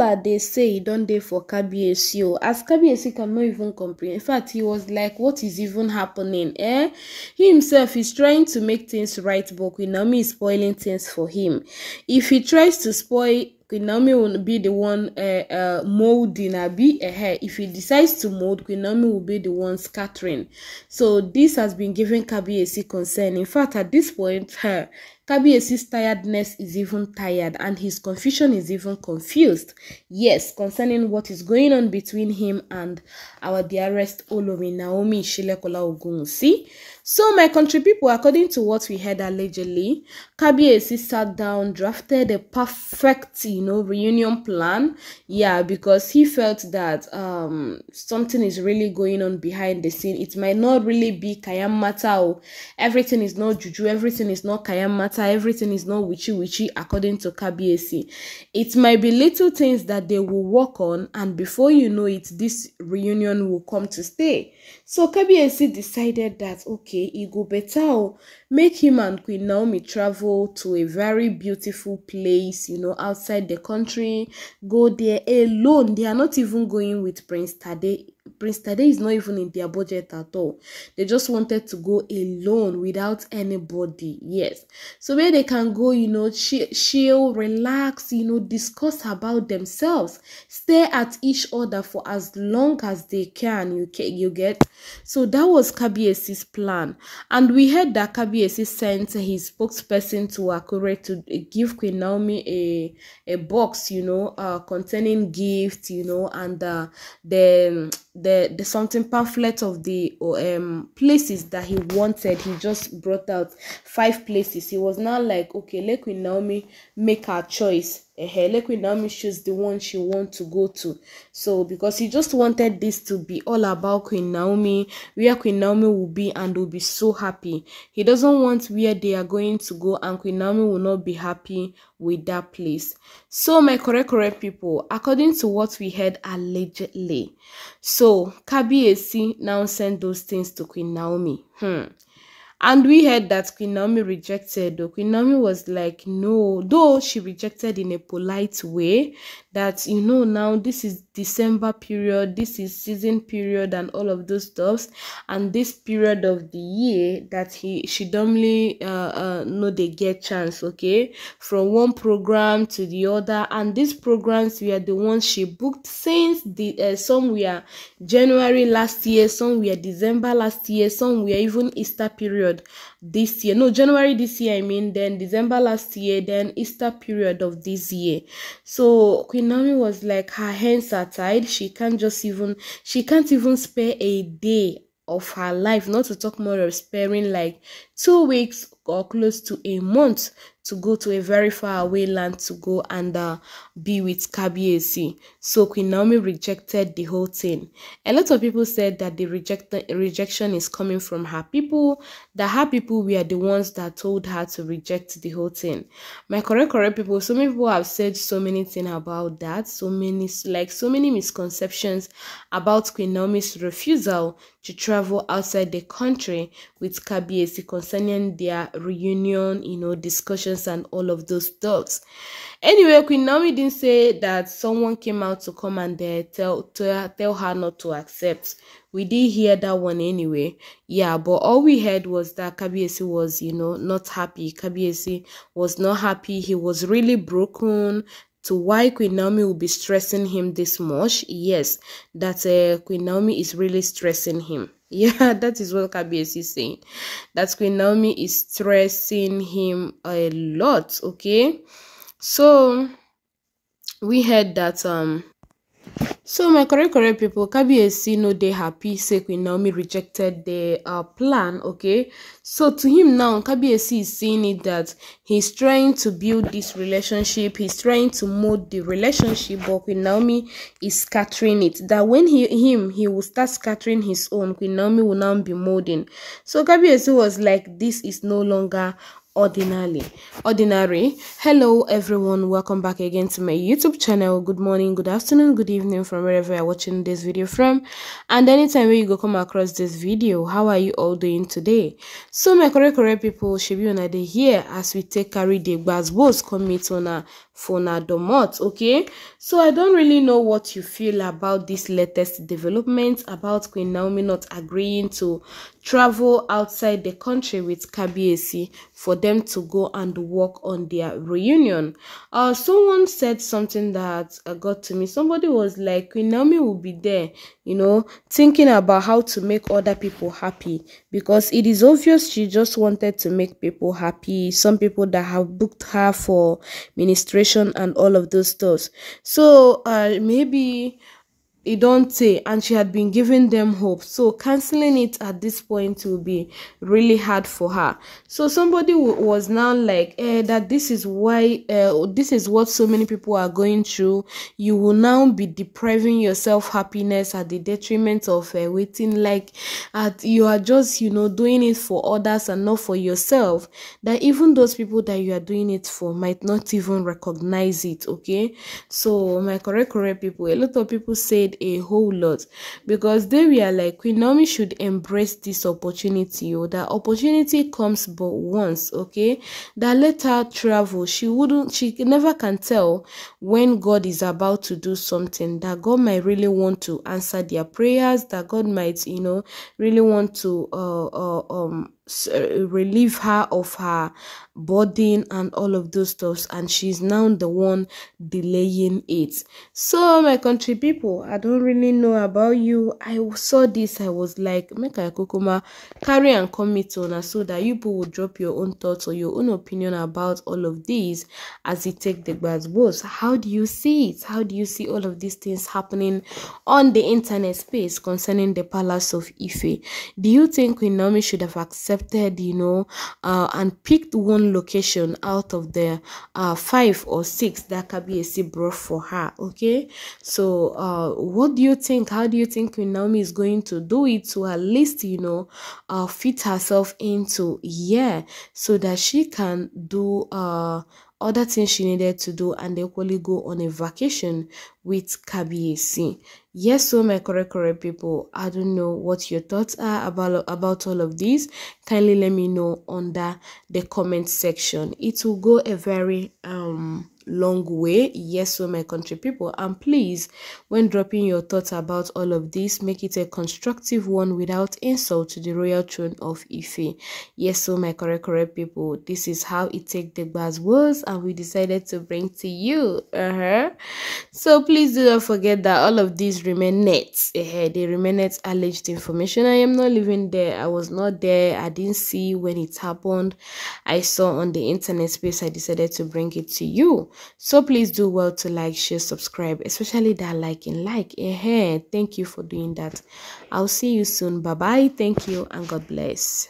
Abdullah they say he don't dey for KBSU. o oh. as Kabiyesi cannot even comprehend in fact he was like what is even happening eh he himself is trying to make things right but Queen is spoiling things for him if he tries to spoil Queen will be the one uh, uh, molding Abi uh, if he decides to mold Queen will be the one scattering so this has been giving Kabiyesi concern in fact at this point her uh, Kabiesi's tiredness is even tired and his confusion is even confused. Yes, concerning what is going on between him and our dearest Olori Naomi Shilekola Ogunsi. So my country people, according to what we heard allegedly, Kabiesi sat down, drafted a perfect, you know, reunion plan. Yeah, because he felt that um something is really going on behind the scene. It might not really be Kayam Everything is not juju, everything is not Kayam after everything is not witchy witchy according to KBAC. It might be little things that they will work on and before you know it, this reunion will come to stay. So KBAC decided that, okay, it e go better oh. make him and Queen Naomi travel to a very beautiful place, you know, outside the country, go there alone. They are not even going with Prince Tade Prince Tade is not even in their budget at all. They just wanted to go alone without anybody. Yes. So where they can go, you know, chill, relax, you know, discuss about themselves. Stay at each other for as long as they can. You, can, you get? So that was KBS's plan. And we heard that KBS sent his spokesperson to Akure to uh, give Queen Naomi a, a box, you know, uh, containing gifts, you know, and uh, the the the something pamphlet of the um places that he wanted he just brought out five places he was now like okay let queen naomi make our choice uh, Lekki Naomi chose the one she want to go to. So because he just wanted this to be all about Queen Naomi, where Queen Naomi will be and will be so happy. He doesn't want where they are going to go and Queen Naomi will not be happy with that place. So my correct correct people, according to what we heard allegedly, so Kabiyesi now sent those things to Queen Naomi. Hmm. And we heard that Queen Naomi rejected. Queen Naomi was like, no, though she rejected in a polite way, that you know now this is December period, this is season period, and all of those stuffs, and this period of the year that he she normally uh, uh know they get chance, okay, from one program to the other, and these programs we are the ones she booked since the uh, some were January last year, some were December last year, some were even Easter period, this year no january this year i mean then december last year then easter period of this year so queen naomi was like her hands are tied she can't just even she can't even spare a day of her life not to talk more of sparing like two weeks or close to a month to go to a very far away land to go and uh, be with K B A C. So Queen Naomi rejected the whole thing. A lot of people said that the reject rejection is coming from her people, that her people were the ones that told her to reject the whole thing. My correct, correct people, so many people have said so many things about that, so many, like so many misconceptions about Queen Naomi's refusal to travel outside the country with K B A C concerning their reunion, you know, discussions and all of those thoughts. Anyway, Queen Naomi didn't say that someone came out to come and uh, tell, tell, tell her not to accept. We did hear that one anyway. Yeah, but all we heard was that Kabiesi was, you know, not happy. Kabiesi was not happy. He was really broken to why Queen Naomi will be stressing him this much. Yes, that uh, Queen Naomi is really stressing him. Yeah, that is what KBS is saying. That Queen Naomi is stressing him a lot, okay? So, we heard that um so my correct correct people, Kabiyesi no they happy say Naomi rejected the uh, plan, okay? So to him now, Kabiyesi is seeing it that he's trying to build this relationship, he's trying to mold the relationship, but Queen Naomi is scattering it. That when he him he will start scattering his own, Queen Naomi will now be molding. So Kabiyesi was like, this is no longer ordinarily ordinary hello everyone welcome back again to my youtube channel good morning good afternoon good evening from wherever you're watching this video from and anytime where you go come across this video how are you all doing today so my correct correct people should be on a here as we take carry the gbazbos commit on a For Fonadomot. Okay, so I don't really know what you feel about this latest development about Queen Naomi not agreeing to travel outside the country with Kabiesi for them to go and work on their reunion. Uh, someone said something that uh, got to me. Somebody was like, Queen Naomi will be there. you know, thinking about how to make other people happy because it is obvious she just wanted to make people happy. Some people that have booked her for ministration and all of those stuff. So uh, maybe don't say, and she had been giving them hope. So canceling it at this point will be really hard for her. So somebody was now like eh, that this is why uh, this is what so many people are going through. You will now be depriving yourself happiness at the detriment of uh, waiting like at you are just you know doing it for others and not for yourself. That even those people that you are doing it for might not even recognize it, okay? So my correct correct people, a lot of people said a whole lot because they were like Queen Naomi should embrace this opportunity or oh, that opportunity comes but once okay that let her travel she wouldn't she never can tell when God is about to do something that God might really want to answer their prayers that God might you know really want to uh, uh um Uh, relieve her of her burden and all of those stuffs and she's now the one delaying it so my country people i don't really know about you i saw this i was like make i kokoma carry and commit on so that you people will drop your own thoughts or your own opinion about all of these as you take the bad words how do you see it how do you see all of these things happening on the internet space concerning the palace of ife do you think we should have accepted accepted, you know, uh, and picked one location out of the uh, five or six that a brought for her. Okay, so uh, what do you think? How do you think Queen Naomi is going to do it to at least, you know, uh, fit herself into yeah, so that she can do uh other things she needed to do and they equally go on a vacation with KBAC. Yes, so oh, my correct correct people, I don't know what your thoughts are about about all of this. Kindly let me know under the comment section. It will go a very um long way. Yes, so my country people. And please, when dropping your thoughts about all of this, make it a constructive one without insult to the royal throne of Ife. Yes, so my correct, correct people. This is how it take the buzz words and we decided to bring to you. Uh-huh. So please do not forget that all of these remain nets. Uh, uh-huh. they remain nets alleged information. I am not living there. I was not there. I didn't see when it happened. I saw on the internet space. I decided to bring it to you. So please do well to like, share, subscribe, especially that liking like. Eh, thank you for doing that. I'll see you soon. Bye bye. Thank you and God bless.